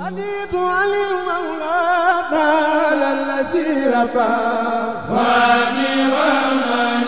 أبيت عن المولى تعالى الذي رفع واني ومن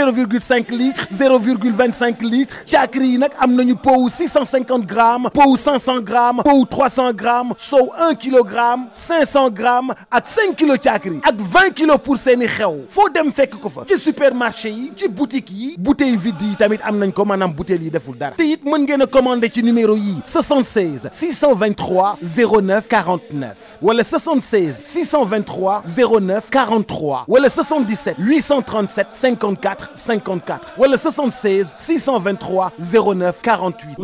0,5 litres 0,25 litres Tchakri n'a nag pou 650 grammes pou 500 grammes pou 300 grammes so 1 kg, 500 grammes ak 5 kg Tchakri ak 20 kg pour seni xew Fo dem fekk ko supermarché yi ci boutique yi bouteille vide yi tamit am ko manam bouteille yi deful dara te numéro yi 76 623 09 49 wala 76 623 09 43 wala 77 837 54 54 ou le 76 623 09 48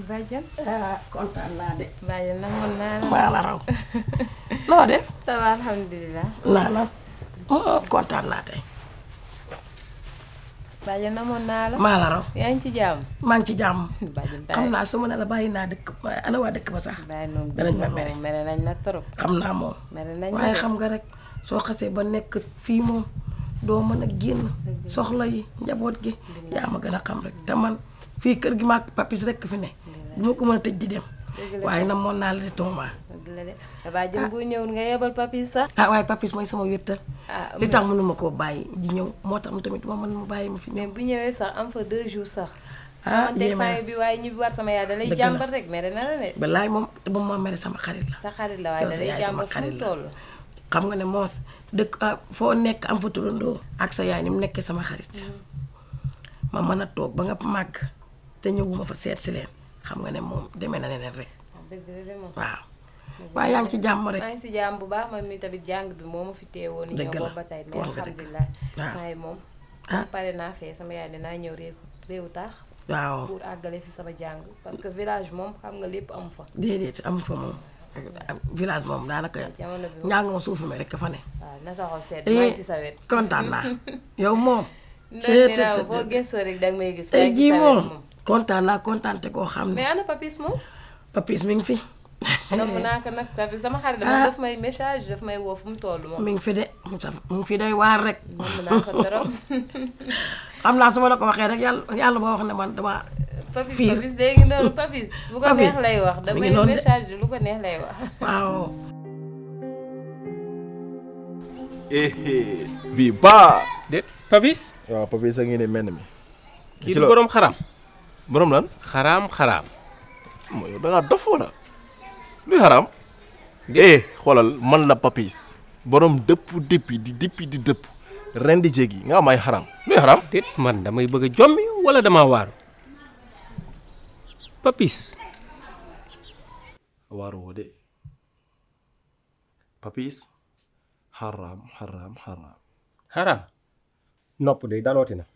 Badiane ah kontaan naa de. Badiane nag mën naa maa la raw loo def. ça va alhamdulilah. naa la oh, kontaan naa tey. Badiane namoon naa la. maa la raw. yaa ngi ci jàmm. maa ngi ci jàmm. xam naa su ma ne la bàyyi naa dëkk ana waa dëkk ba sax. danañ ma mere mere nañ la trop. xam naa moom. mere nañ waaye xam nga rek soo xasee ba nekk fii moom doo mën a génn. soxla yi njaboot gi. yaa ma gën a xam rek te man fii kër gi maak papis rek fi ne. du ma ko mën a tëj di dem. waaye nag moon naa la de Toma. dëgg la bu ñëw nga yebal papis sax. ah waaye papis mooy sama wéttal. ah li tax mënuma koo bàyyi di ñëw moo tax mu tamit ma mën mu bàyyi ma fi. mais bu ñëwee sax am fa deux jours sax. ah bi waaye ñibbi war sama yaay da lay jàmbat rek mere na la de. balaay moom ba mu ma mere sama xarit la. sa xarit la waaye da lay jàmbat fu mu toll. xam nga ne moo dëkk ah, foo nekk am fa turandoo. ak sa yaay ni mu nekkee sama xarit. Mm. ma mën a toog ba nga màgg te ñëwuma fa seet si leen xam nga ne moom demee na leneen rek. waaw. waaw yaa ngi ci jàmm rek maa ngi ci jàmm bu baax man mi tamit jàng bi moo ma fi teewoon. dëgg ba tey mais alhamdulilah. waaw moom. a ah. pare naa fee sama yaay dinaa ñëw réew tax taax. waaw pour àggale fi sama jàng parce que village moom xam nga lépp amu fa. déedéet amu fa moom. Mm. village moom daanaka njàngoo suufu mi rek fa ne. waaw na sa xol eh, ci sa wet. kontaan naa yow moom. seet boo gëstoo rek danga may gis. tey eh, jii moom. kontaan naa kontaante koo xam ne. mais ana papis moom. papis mi ngi fi. donc naa ko nag papis sama xarit ah. daf may message daf may woo fu mu toll moom. mi ngi fi de mu ngi fi day waar rek. xam naa su ma la ko waxee rek yàlla yàlla boo wax ne man dama. papis papis day ngi noonu papis. bu ko neex lay wax damay message bi lu ko neex lay wax. waaw. Eh, eh, bii baa. de papis. waaw papis a ngi ne menn mi. kii du borom borom lan haram haram moy da nga dof wala li haram eh xolal man la papis borom depp depp di depp di depp rendi jegi nga may haram li haram dit man damay bëgg jommi ya, wala dama war papis waru de papis haram haram haram haram nopp day dalotina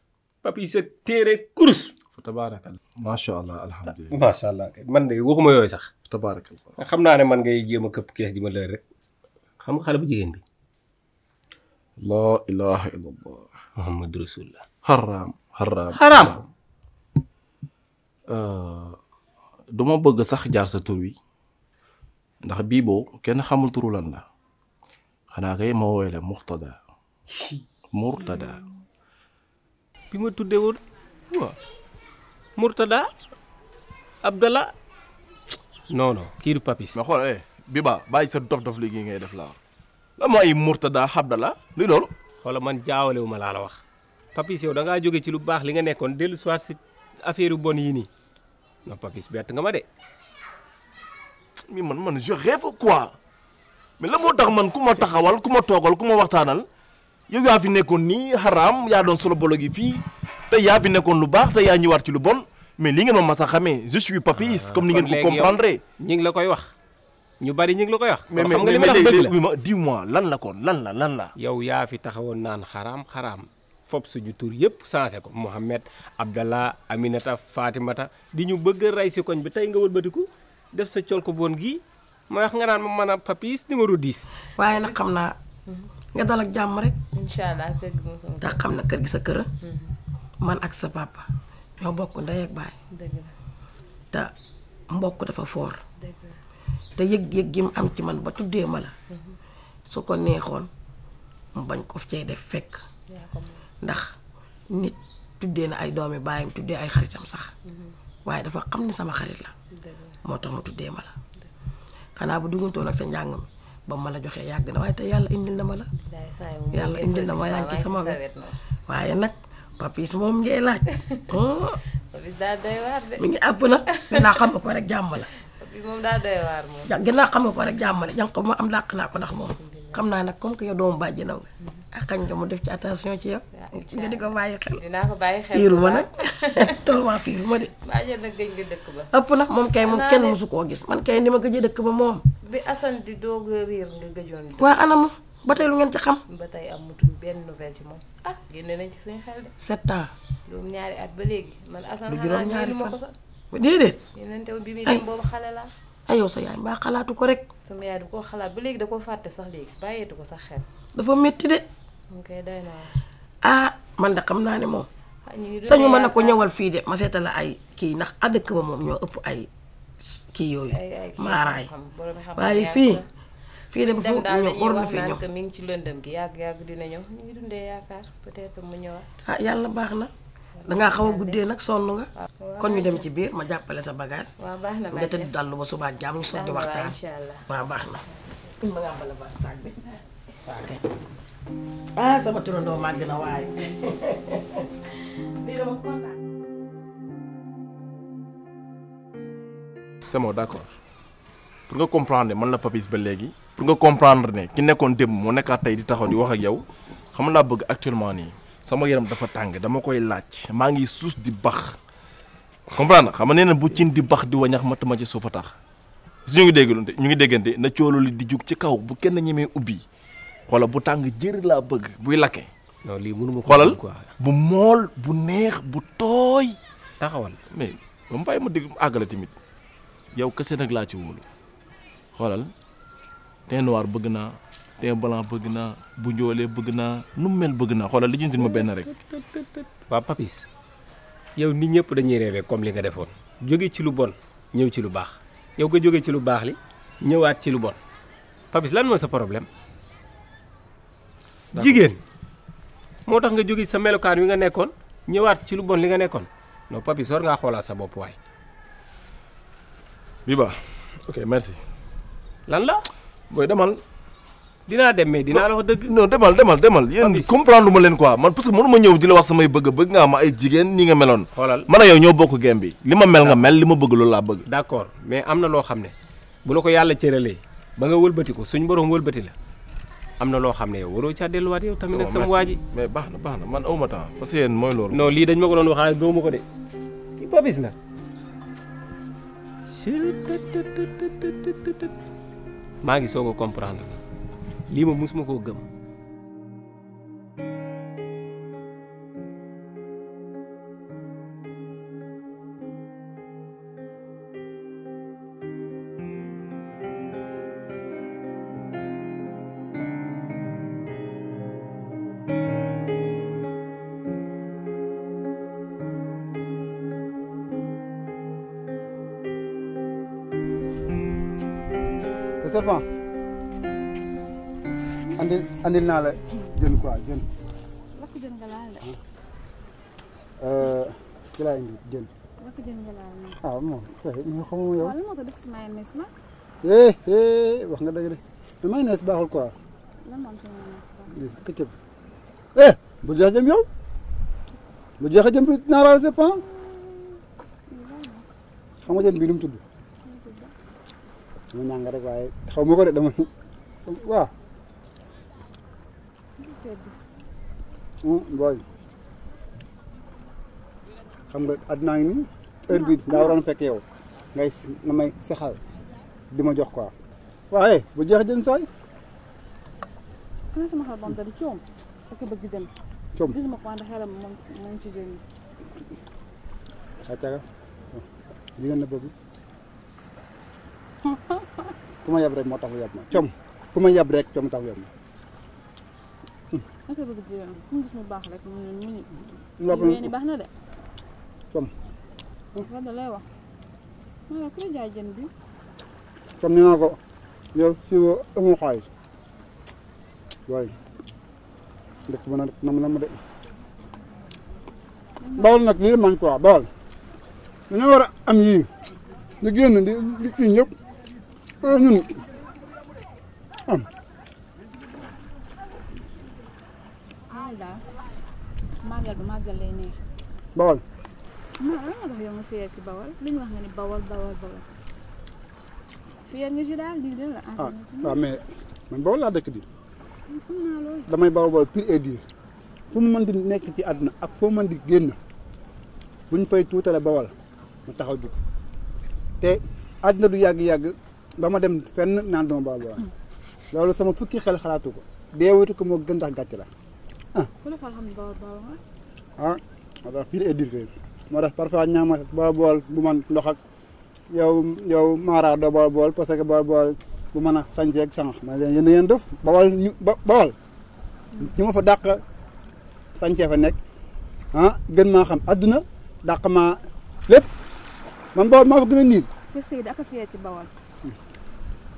papis ak téré course fa tabaarakal macha allah alhamdulilah macha allah kay man de waxuma yooyu sax. tabaarakal xam naa ne man ngay jéem a këpp di ma leer rek xam nga xale bu jigéen bi. laa ilaaha illallah. muhammad rasulullah. haram haram haram. Euh, du sax jaar sa tur wi ndax bii boo kenn xamul turu lan la xanaa kay ma woowee Murtada Murtada. bi ma tuddee woon waaw. Murtada abdalla non non ki du papis ma xol eh Biba bayi sa dof dof léegi ngay def la la moy Murtada abdalla li lol xol man jauh la la wax papis yow da nga joge ci lu bax li nga nekkon delu soir si affaire bonne yi ni non papis bet nga ma de mi man man je rêve quoi mais la moo tax man ku taxawal kuma togal kuma waxtanal yow yaa fi nekkoon nii xaraam yaa doon solo bolo gi fii te yaa fi nekkoon lu baax te yaa ñu ñëwaat ci lu bon mais li ngeen ma mas a xamee je suis papiste ah, comme ni ngeen ko comprendre ngi la koy wax ñu bari ñi ngi la koy wax mais xam nga li ma wax dëgg la dis moi lan la kon lan la lan la yow yaa fi taxawoon naan xaraam xaraam fop suñu tur yëpp changé ko Mohamed Abdallah Aminata Fatimata di ñu bëgg rey si koñ bi tey nga wëlbatiku def sa col ko bon gii ma wax nga naan ma man a papiste numéro 10 waaye nag xam naa mm-hmm. nga dal ak jàmm rek. incha allah kër gi xam na kër gi sa kër mm-hmm. man ak sa pàppa ñoo bokk ndey ak baay. te mbokk dafa foor te yëg-yëg gi mu am ci man ba tuddee ma la. Mm-hmm. su ko neexoon mu bañ ko cee def fekk. ndax nit tuddee na ay doomi baayam tuddee ay xaritam sax. Mm-hmm. waaye dafa xam ne sama xarit la. moo tax mu tuddee ma la. xanaa bu duggantoon ak sa njàngam ba ma la joxee yàgg na waaye te yàlla indil na ma la. yàlla indil na ma yaa sama wet waaye nag papis moom ngay laaj. papis ngi àpp na gannaaw xam nga ko rek jàmm la. papis moom daa doy xam nga ko rek jàmm la jànq ma am làq naa ko ndax moom. xam naa nag comme que yow doomu bàjjinaw nga. Mm-hmm. ah kañ nga mu def ci attention ci yow. nga di ko bàyyi xel. dinaa ko bàyyi xel nag tooba fiiru de. maa na moom kay moom kenn mosu koo gis man kay ni ma gëj a dëkk ba moom. bi Assane di doog a réer nga gëjoon. waa ba tey lu xam. ba tey amatul benn nouvelle ci moom. ah génne nañ ci suñu xel de. sept ans. juróom ñaari at ba léegi man Assane. lu juróom ñaari fan ba déedéet. yeneen taw la. ay yow sa yaay mbaa xalaatu ko rek. sama yaay du ko xalaat ba léegi da koo fàtte sax léegi bàyyeetu ko sax xel. dafa métti de. ok day naa ah man da xam naa ne moom. sañu mën a ko ñëwal fii de ma seetal la ay kii ndax àddëkk ba moom ñoo ëpp ay kii yooyu. maaraay waaye fii. fii de bu fi ñëw war na fi ñëw mi ngi ci lëndëm gi yàgg yàgg dina ñëw ñu ngi dundee yaakaar peut-être mu ah yàlla baax na. dangaa xaw a guddee nag sonn nga. Ah, kon ñu dem ci biir ma jàppale sa bagage. waaw baax na nga tëdd dàll ba subaa jàmm ñu sotti waxtaan. waaw baax na. ma ngaa bala baax bi. ah sama turandoo màgg na waaye lii dama kontaan c'est bon d'accord pour nga comprendre man la Papis ba léegi pour nga comprendre ne ki nekkoon démb moo nekkaat tey di taxaw di wax ak yow xam laa bëgg actuellement nii sama yaram dafa tàng dama koy laaj maa ngi suus di bax comprendre xam na bu cin di bax di wañax matama ci sofa tax si ñu ngi dégg ñu ngi déggante na coolu li di jug ci kaw bu kenn xolal bu tang jër la bëgg buy laké non li mënu ma ko xoolal bu mol bu neex bu toy taxawal mais ba mu bàyyi ma dégg àggale tamit yow kessé nak la ci wóolu xolal té noir bëgg na té blanc bëgg na bu ñolé bëgg na nu mel bëgg na xolal li jëntin ma benn rek wa papis yow nit ñepp dañuy rêvé comme li nga défon jogé ci lu bon ñew ci lu bax yow nga jogé ci lu bax li ñëwaat ci lu bon papis lan mooy sa problème jigen motax nga jogi sa melokan wi nga nekkon ñewat ci lu bon li nga nekkon no papi sor nga xolal sa bopp waay. Biba ok merci. lan la. booy demal. dina dem mais dina la wax deug non demal demal demal yeen comprendre ma len quoi man parce que mënuma ñew di la wax samay bëgg bëgg nga ma ay jigen ni nga melon xoolal man yow ño bokk gem bi lima mel nga mel lima bëgg lu la bëgg. d'accord mais amna lo xamne bu lako yalla yàlla ba nga wëlbati ko suñu borom wëlbeuti la. am na loo xam ne yow waroo caa delluwaat yow tamit nag sama waa ji baax na baax na man awma temps parce que yéen mooy loolu non lii dañ ma ko doon waxaa gëwuma ko de kii babis la maa ngi soog a comprendre lii ma musuma koo gëm andil naa la jën quoi jën. lakk jën nga laal euh, nga laal ah, moom ko def si mayonnaise nag. Eh, eh wax nga dëgg de mayonnaise baaxul quoi. lan moo am si mayonnaise. këccëg eh, eh bu yow. bu jeex a jëm bi naa raal sepp ah. xam nga mu tudd. mu ñàng waaye xaw ma ko de dama waaw. sedd. booy xam nga àddinaa ngi nii heure bi daa waroon fekk yow ngay nga may fexal di ma jox quoi waaye bu jeex jën sooy. ana sama xel ba mu tëdd coom ak bëgg jën. coom gisuma ko ànd ci jën. acca li ngeen na bëgg ku ma yab rek moo tax yab ma coom ku ma yab rek coom tax yab ma. naka bëgg jiwam fu mu gis mu baax rek mu ne nii. loolu wéeni baax na de. comme. loolu da lay wax. ma ne ku la jaay jën bi. comme nee naa ko yow si amul xaalis waaye dëkk ba nag nam nam de. bawal nag lii man quoi bawal dañoo war a am yii ñu génn di di kii ñëpp ñun قلب ما قال لي نيح بول ما عمره يوم فيك بول لين وهني بول بول بول في أن يجي لعال دي لا آه ما من بول هذا كدي damay bawal bawal pire et dire fu mu mën di nekk ci àdduna ak foo mën di génn buñ fay tuutale bawal ma taxaw jug te àdduna du yàgg-yàgg ba ma dem fenn naan dama bawal bawal loolu sama fukki xel xalaatu ko deewatu ko moo gën tax gàcce la ah. ku la xam bawal bawal ah wala fii la édifié ma tax parfois ñaama ba bol bu man ndox ak yow yow maara do bol bool parce que bool bol bu mana a sañcee ak sànq ma leen yéen yéen def bol ñu bawal ñu ma fa dàq sañcee fa nek ha ah, gën maa xam àdduna dàq maa lépp man bawal maa fa gën a niir Cheikh Seydi ak ci bawal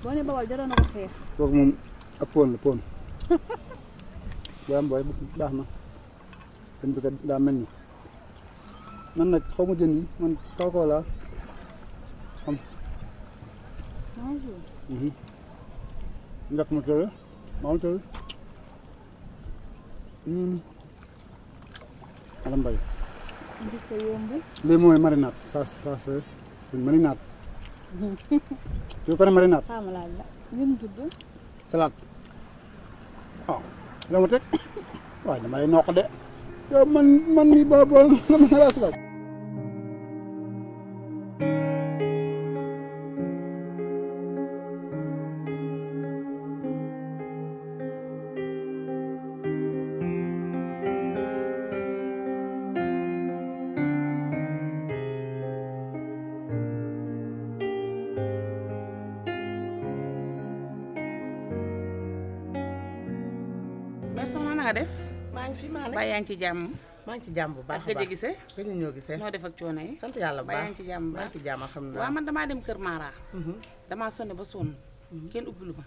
boo ne bawal na ko xeex kooku moom ak poon la poon bu เป็นปกติดามันนี่นั่นแะเขาไม่เจนี่มันก็าก็ล้วทำมาอือฮึอยากมนเจอมาเจออืมอะไรไปเลมอนมารินัทซาซาสเป็นมารินัทตักันมารินาทสลัดอ๋อแล้วมันจะว่าจะมาเล่นนอกกันเด้อ man man mi ba ba man laa maa ngi fi maa ne ba yaa ngi ci jàmm. maa ngi ci jàmm bu baax a baax ak gëj a gisee. gëj ñoo gisee noo def ak coono yi. sant yàlla bu baax ba yaa ngi ci jàmm bu baax maa ngi ci jàmm alhamdulilah. waaw man damaa dem Kër Mara. Mhm. damaa sonné ba sonn. Mhm. kenn ubbilu ma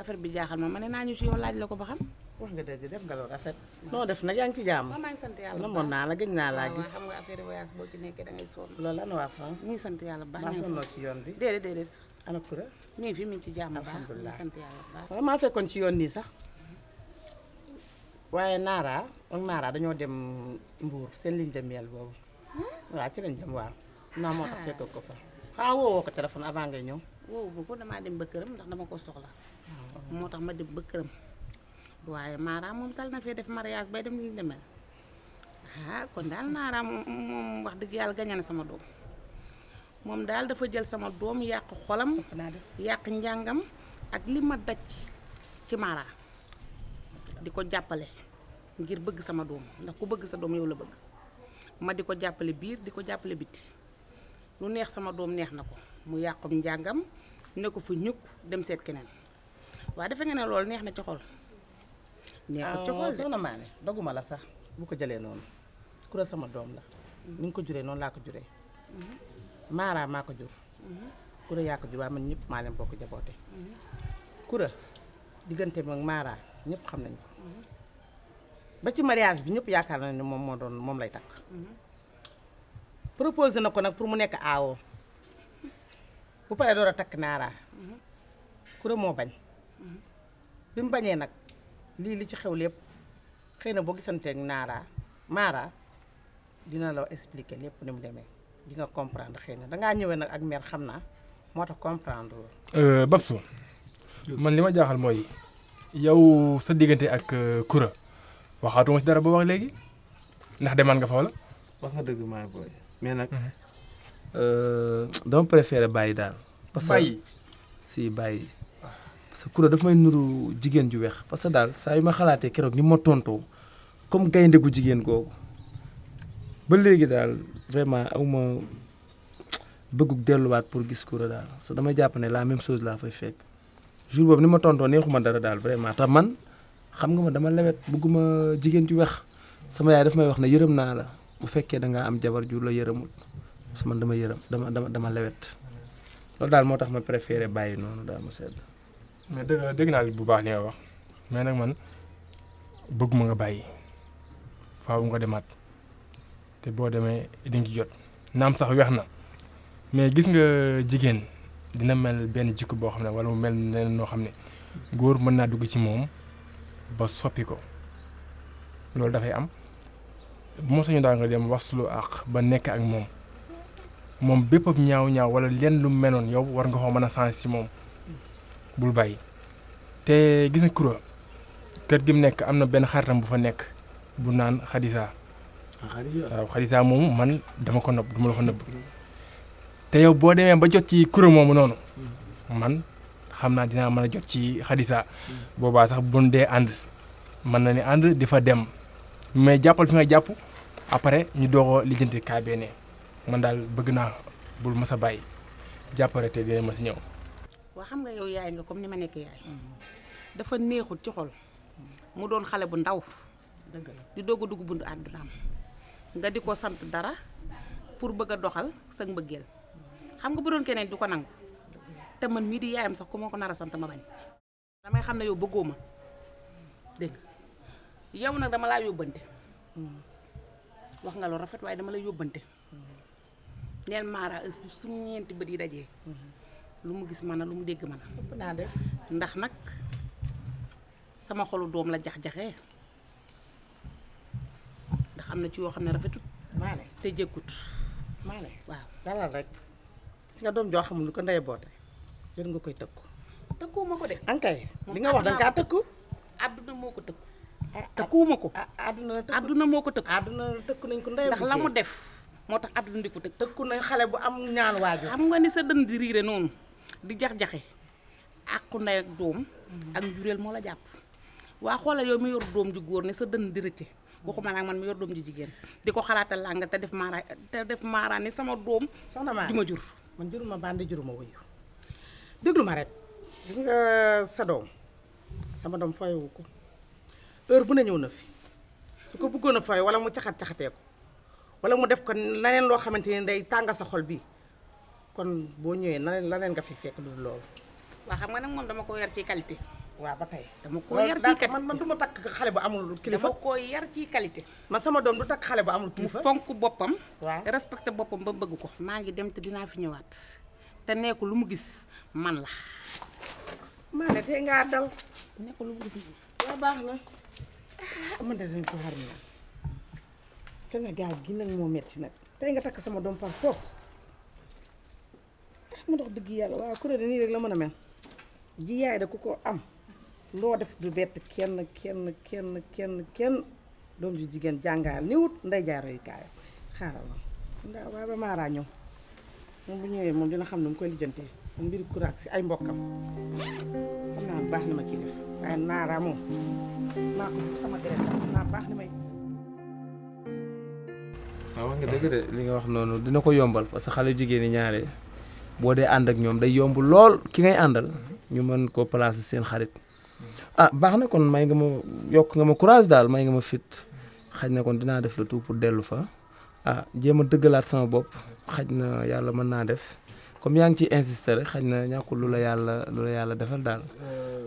affaire bi jaaxal ma ma ne naa ñu ci yow laaj la ko ba xam. wax nga dëgg def nga lu rafet. noo def nag yaa ngi ci jàmm. waaw maa ngi sant yàlla bu baax namoon naa la gëj naa laa gis. xam nga affaire voyage boo ci nekkee da ngay sonn. loolu ana waa France. ñu ngi sant yàlla bu baax maa sonnoo ci yoon bi déedéet déedéet. ana kura. mi ngi fi mi ngi ci jàmm bu baax alhamdulilah sant yàlla bu baax. maa fekkoon ci yoon nii sax waaye Naara dañoo dem seen ligne de miel boobu. waaw ci lañ dem waaw. Ah. naa ngay ñëw. ko damaa dem ba këram ndax dama ko soxla. Ah. tax ma dem ba këram. moom tal na fee def mariage bay dem ah, kon daal Mara moom wax dëgg yàlla gañe na sama doom. moom daal dafa jël sama doom yàq xolam. yàq njàngam ak li ma daj ci Mara. di ko jàppale ngir bëgg sama doom ndax ku bëgg sa doom yow la bëgg ma di ko jàppale biir di ko jàppale biti lu neex sama doom neex na ko mu yàqum njàngam ne ko fu ñukk dem seet keneen waa defe nga ne loolu neex na ci xol. neexut ci xol ah, soxna doguma la sax bu ko jëlee noonu kura sama doom la ni ngi ko juree noonu laa ko juree mm-hmm. maaraa maa ko jur mm-hmm. kura yaa ko jur waaye man ñëpp maa leen ko jaboote mm-hmm. kura diggante mag maaraa ñëpp xam nañ ba ci mariage bi ñëpp yaakaar na ne moom moo doon moom lay takk proposé na ko nag pour mu nekk aawoo bu paree door a takk naaraa kure moo bañ bi mu bañee nag lii li ci xew lépp xëy na boo gisantee naaraa maaraa dina la expliquer lépp ni mu demee di comprendre xëy na dangaa ñëwee nag ak mer xam naa moo tax comprendre loolu. Euh, Babsu man li ma jaaxal mooy yow sa diggante ak euh, kure waxaatuma ci dara ba wax léegi ndax de man nga fa wala. wax nga dëgg maay booy mais nag. Mhm. Euh, dama préféré bàyyi daal. parce que si bàyyi. parce que kuréel daf may nuru jigéen ju weex parce que daal saa yu ma xalaatee keroog ni ma tontoo comme gaynde gu jigéen googu ba léegi daal vraiment awma bëggug delluwaat pour gis kuréel daal parce que dama jàpp ne la même chose laa fay fekk jour boobu ni ma tontoo neexuma dara daal vraiment te man. xam nga ma dama lewet bugguma jigen ci wex sama yaay daf may wax ne yeureum na la bu fekke da nga am jabar ju la yeureumul sama dama yeureum dama dama dama lewet loolu dal motax ma préférer bàyyi nonu daal ma sedd mais deug na li bu baax ni wax mais nak man bëgg nga bàyyi faaw nga demat te bo demé di ngi jot nam sax weex na mais gis nga jigen dina mel ben jikko bo xamne wala mel neneen noo xam ne góor dugg ci mom ba soppi ko loolu dafay am bu ma sañu daal nga dem waslu àq ba nekk ak moom moom bépp ñaaw ñaaw wala lenn lu menoon yow war nga koo mën a changé ci moom bul bàyyi te gis nga kura kër gi mu nekk am na benn xaritam bu fa nekk bu naan xadisa waaw xadisa moomu man dama ko nëbb duma la ko nëbb te yow boo demee ba jot ci kura moomu noonu man xamna dina mëna jot ci hadisa boba sax buñ dee and man na ni and di fa dem mais jappal fi nga japp après ñu dogo lijjanti kaa bee man dal bëgg na bul mësa bay bàyyi jàppare dina mësa si ñëw. waa xam nga yow yaay nga comme ni ma nek yaay. dafa neexul ci xol mu doon xalé bu ndaw. dëgg la di dogu dug dugg buntu àddunaam nga diko sante dara pour bëgg doxal sa mbëggeel xam nga bu doon keneen diko nang te man mi di yayam sax ku ma ko sant ma bañ damay xam yow bëggoo deug yow nak dama la yobante wax nga lo rafet way dama la yobante, neen mara heure bi suñu ñeenti bët yi dajee lu mu gis man lu mu dégg man ndax nak sama xolu doom la jax jaxé ndax amna ci yo xam rafetut maane té jékut maane waaw dalal rek si nga doom jo xamul ko ndey boté léegi nga koy tëkku. tëkkuwuma ko de. ankay li nga wax da nga kaa tëkku. àdduna moo ko tëkku. tëkkuwuma ko. àdduna tëkku àdduna moo ko tëkku. àdduna tëkku nañ ko ndeyam ndax la mu def. moo tax àdduna di ko tëkku. tëkku nañ xale bu am ñaan waajur. xam nga ni sa dënn di riire noonu di jax-jaxe àqu ndey ak doom mm-hmm. ak njureel moo la jàpp waa xoolal yow mu yor doom ju góor ne sa dën di rëcce mm-hmm. waxuma naa man mu yor doom ju jigéen di ko xalaatal laa nga te def maara te def maara ni sama doom. soxna ma jur ma jur man juruma bandi juruma deglu ma rek nga sa dom sama dom fayewuko heure bu ne ñew na fi su ko bëggoon a fay wala mu taxat taxate ko wala mu def ko laneen lo xamanteni day tanga sa xol bi kon bo ñewé laneen lanen nga fi fekk lu lool wa xam nga nak mom dama ko yar ci qualité. wa ba tay dama ko yar ci qualité man man duma tak xalé bu amul kilifa dama ko yar ci qualité. ma sama dom du tak xalé bu amul kilifa. fonku bopam respecté bopam ba bëgg ko. ma ngi dem te dina fi ñëwaat te nee lu mu gis man la. mané té nga dal. nee lu mu gis waaw baax na. ah man ko war na Sénégal gi nak mo metti nak té nga tak sama dom par force ah, dox dëgg ni rek la mëna mel ji yaay da ku ko am lo def du bet kenn kenn kenn kenn kenn dom ju jigéen jàngaal niwut nday jaaroy kaay xaaral ma ndaa ba ñu moom bu ñëwee dina xam ne mu koy lijjantee mbir kuraak ci ay mbokam xam naa baax na ma ci def ay naara mo naa ko sama deret na baax na may waaw nga dëgg de li nga wax nonu dina ko yombal parce que xalé jigéen ni ñaaré bo dé and ak ñom day yomb lool ki ngay andal ñu mën ko placer seen xarit ah baax kon may nga ma yok nga ma courage dal may nga ma fit xajna kon dina def le tout pour fa ah jema deugalat sama bop xaj na yàlla mën naa def comme yaa ngi ciy insister rek xaj na ñàkkul lu la yàlla lu la yàlla defal daal euh,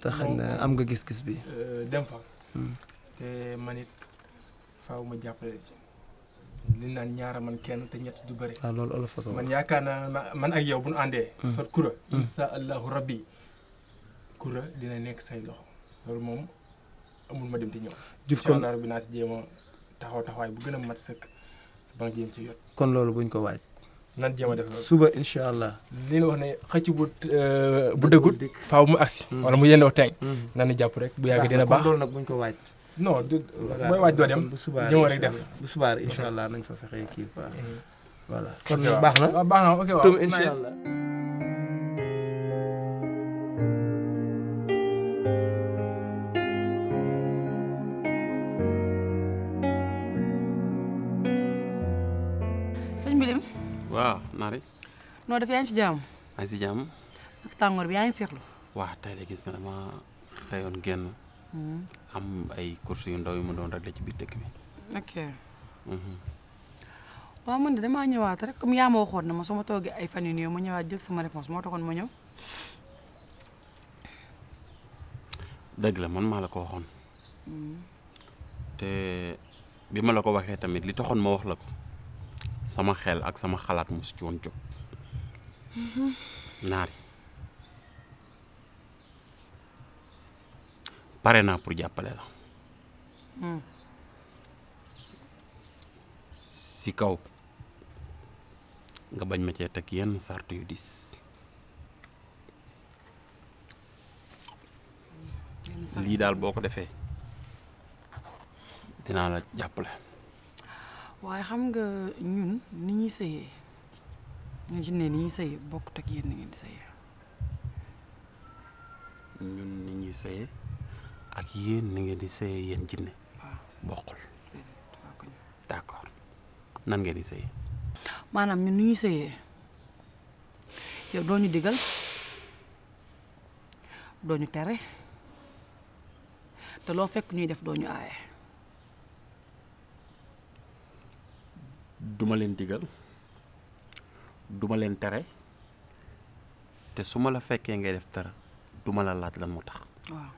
te xaj na am nga gis-gis bi. Euh, dem fa. Hmm. te man it faaw ma jàppale si. li naan ñaara man kenn te ñett du bëri. waaw ah, loolu olof man yaakaar naa man ak yow bu ñu àndee. Hmm. sot kura. Hmm. insha allahu rabbi kura dina nekk say loxo loolu moom amul ma dem te ñëw. jëf kon incha allah naa si jéem a taxaw taxawaay bu gën a mat sëkk. dana jéem si jot kon loolu buñ ko waaj nan jéem def suba incha allah li ñu wax ne xëcc bu euh, bu dëggut faaw mu agsi mm. wala mu yendoo teng mm. nan jàpp rek bu yàgg dina baax loolu nag buñ ko waaj non du waaj doo dem bu rek def bu subaa allah nañ fa fexe mm. voilà kon baax na baax na ok tum noo def yaa ci jam ay ci jàmm. ak tangor bi yaa fexlu wa tay tey gis nga dama xëyoon génn. Hmm. am ay course yu ndaw yu ma rek la ci bi dekk bi. ok. Mhm. wa man de damaa ñëwaat rek comme yaama waxoon na ma suma ma ay fan yu néew ma ñëwaat jël sama réponse mo taxon ma ñëw. dëgg la man ma la ko waxoon. Hmm. te bi ma la ko waxee tamit li taxon ma wax la ko sama xel ak sama xalaat mu ci won jox naari pare naa pour jàppale la hmm. si kaw nga bañ ma cee teg yenn sart yu dis lii daal boo ko defee dinaa la jàppale waaye xam nga ñun ni ñuy sëyee nga jinne ni ñuy sëye bokkut ak yéen iya ni ngeen di sëye ñun ni ñuy sëye ak yéen ni ngeen di sëye yéen jinne bokkul d' accord nan ngeen di sëye maanaam ñun ni ñuy sëyee yow ya, doo ñu digal doo ñu tere te loo fekk ñuy def doo ñu aaye duma leen digal duma leen tere te su ma la fekkee ngay def dara duma la laaj lan moo tax waaw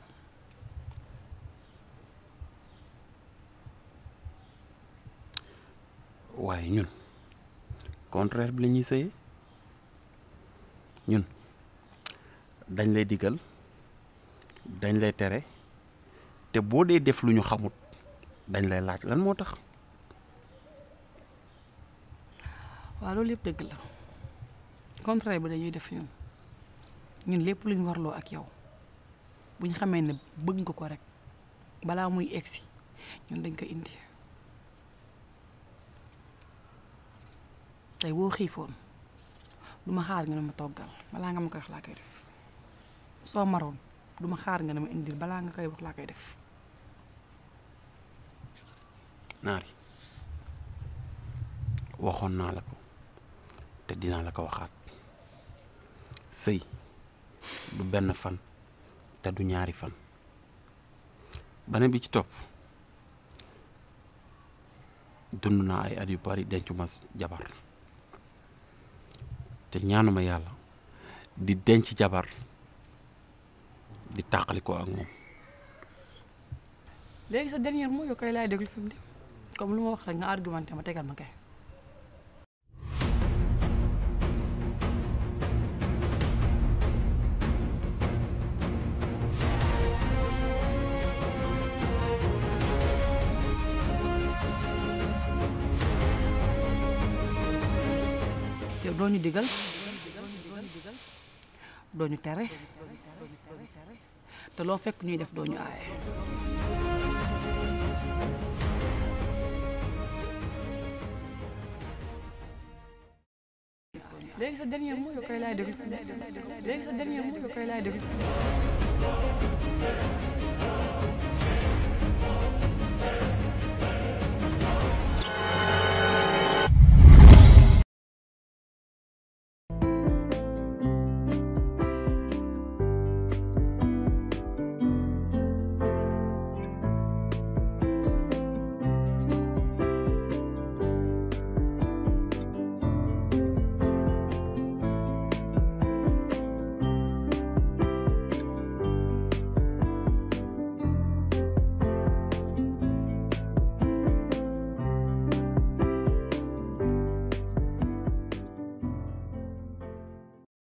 waaye ñun contraire bi la ñuy sëyee ñun dañ lay digal dañ lay tere te boo dee def lu ñu xamut dañ lay laaj lan moo tax waaw loolu yëpp dëgg la contraire bi dañuy def ñun ñun lépp luñ warloo ak yow buñ xamee ne bëgg nga ko rek balaa muy egsi ñun dañ ko indi tey boo xiifoon du xaar nga ne ma toggal balaa nga ma koy wax laa koy def soo maroon duma xaar nga ne ma indil balaa nga koy wax laa koy def naari waxoon naa la ko te dinaa la ko waxaat sëy du benn fan te du ñaari fan beneen bi ci topp dund na ay at yu bari dencu ma jabar te ñaanuma yàlla di denc jabar di tàqali ko ak moom léegi sa dernier mot yow kay laay déglu fi mu ne comme lu ma wax rek nga argumenté ma tegal ma kay doñu digal doñu téré té lo fekk ñuy def doñu ay aaye léegi sa dernier mot nga koy laay déglu léegi sa dernier mot nga koy laay déglu